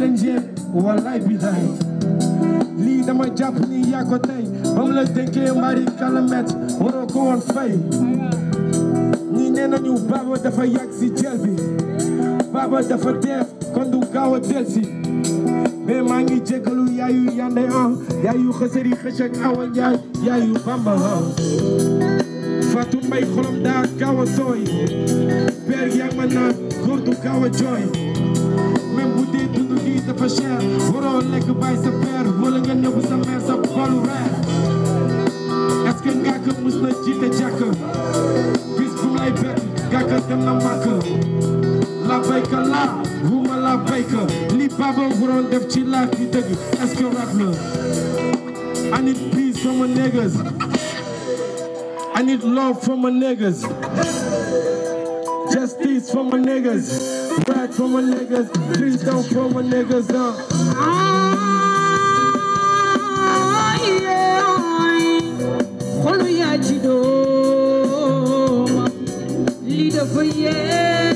lañ jéem wallaay lii dama jàpp ni yaa ko tey ba mu mari kalamet waroo ko woon fay ñi nee dafa yàgg si jël bi baaba dafa def kon du gaaw a delsi maa ngi jégalu yaayu yande an yaayu xësëri xëcëk awa njaay yaayu bamba Fatou Mbaye xolom daa gaaw a sooy père yaa ma naan góor du a jooy dafa cher waroo lekk bàyyi sa père wala nga nëbbu sa mère sa xolu reer est-ce que ngàkk mus na jiite jàkk bis bu lay bett ngàkk dem na màkk la bayka la wuma la bayka li baba waroon def ci laa fi dëgg est-ce que rap la anit peace for my niggas I need love for my niggas justice for my niggas Back for my niggas, please don't throw my niggas down. Oh, yeah. Holo ya ci dooma li dafa yee.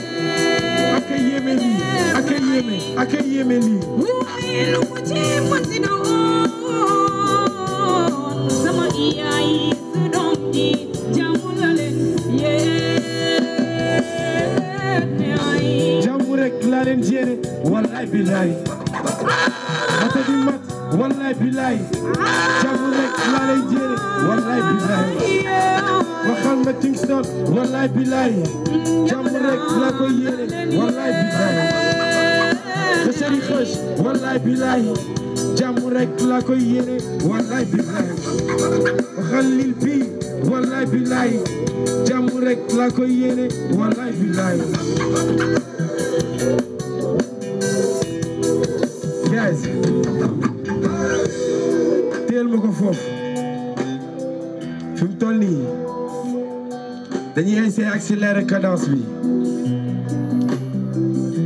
Aka yéeme lii, aka yéeme, aka yéeme lii. Waaye lu ko ci mën si doon. wallaay billaay mata di mat wallaay billaay jamu rek laa lay jëre wallaay billaay waxal ma Kingston wallaay billaay jamu rek laa koy yëre wallaay billaay te seri xës wallaay billaay jamu rek laa koy yëre wallaay billaay waxal lil bi wallaay billaay jamu rek laa koy yëre wallaay billaay essayer accélérer cadence bi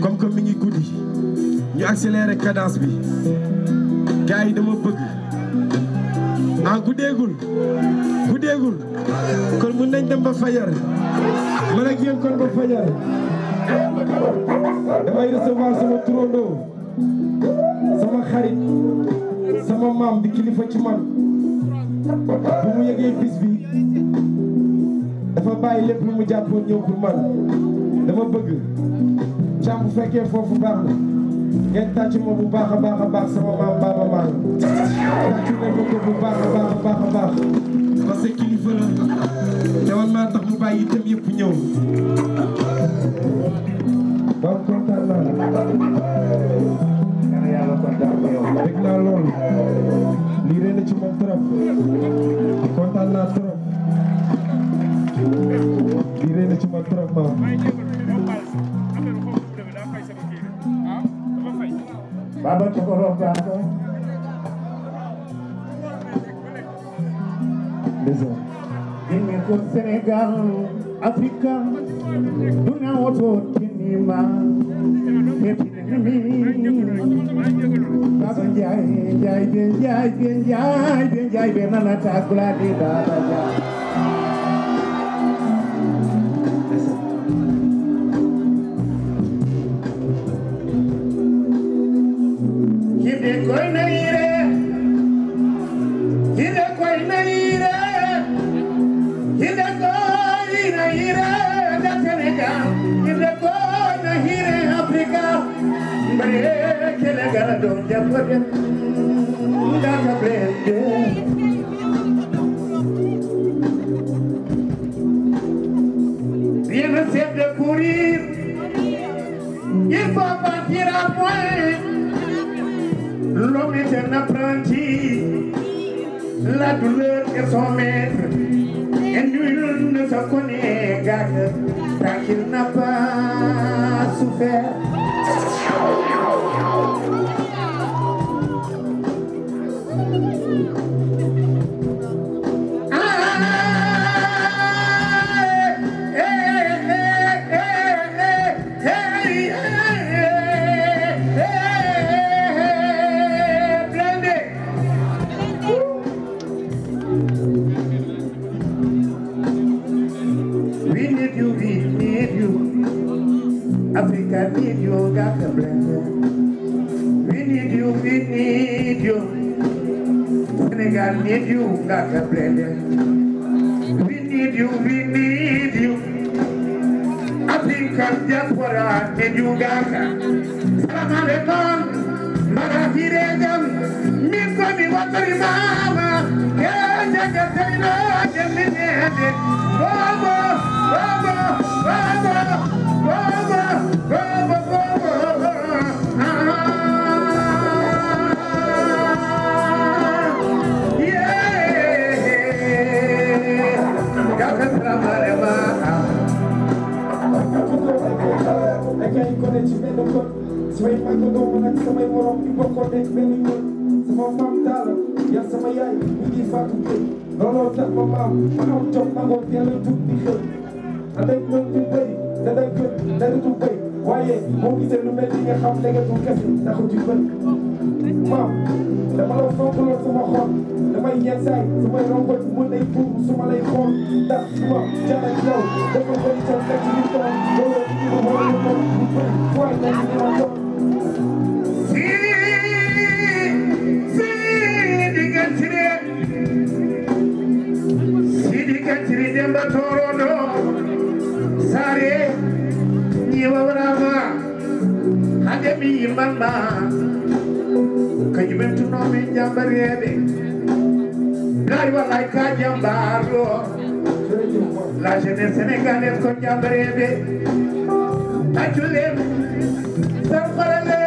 comme que mi ngi guddi ñu accélérer cadence bi gars yi dama bëgg ah guddeegul guddeegul kon mun nañ dem ba fajar man ak yéen kon ba fajar damay recevoir sama turandoo sama xarit sama maam di kilifa ci man bu mu yëgee bis bi dafa bàyyi lépp lu mu jàppoon ñëw pour man dama bëgg càmm bu fekkee foofu baax na ngeen tàcc ma bu baax a baax a baax sama maam baaba maam tàcc nañ ma ko bu baax a baax a baax a baax parce que kilifa la te man maa tax mu bàyyi itam yëpp ñëw waaw kontaan naa waaw. Baba Cokoro Plato. désolé. dinañ ko Sénégal Afrique. du na woto tinima. Baba Ndiaye Ndiaye Ndiaye Ndiaye Ndiaye Ndiaye Ndiaye Ndiaye Ndiaye Ndiaye Ndiaye garado ya pueden dar a aprender viene ser de cubrir y va a partir a pues lo meten aprendiz la douleur est son maître et nul ne se connaît gagne tant qu'il n'a pas souffert need you, not a blender. We need you, we need you. I think I'm just what I need you, Gaza. Salam alaikum, Marahirejam, Mikoni Watari Mama, Gaza Gaza Gaza sumay àndandoo man ak samay morom ñu bokkoo nekk benn yoon sama maam taala yar sama yaay mi ngi faatu tey looloo tax ma maam ma am jom nangoo teel a jug di xëy aday mën di béy da day gën daritu béy waaye moo gisee lu mel ni nga xam legetu kese ndax ci bët maam dama la fonk lool sama xol damay ñeent saay samay rongoñ mën nay tuur su ma lay xool ndax suma jaar ak yow dafa bëri ca nekk ci tool loolu yimɓanɓa kañumen tuno min jambareɓe lay wallay ka jambarɗo la jeunesse sénégalaise ko jambareɓe acculem sanfarale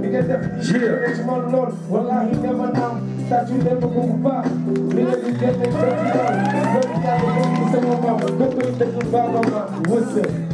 li ngeen def jé ci man lool wallahi dama naam tàccu leen ko bu baax li ngeen di leen def président loolu yàlla moom sama maam dëkk dëkk baaba ma wësë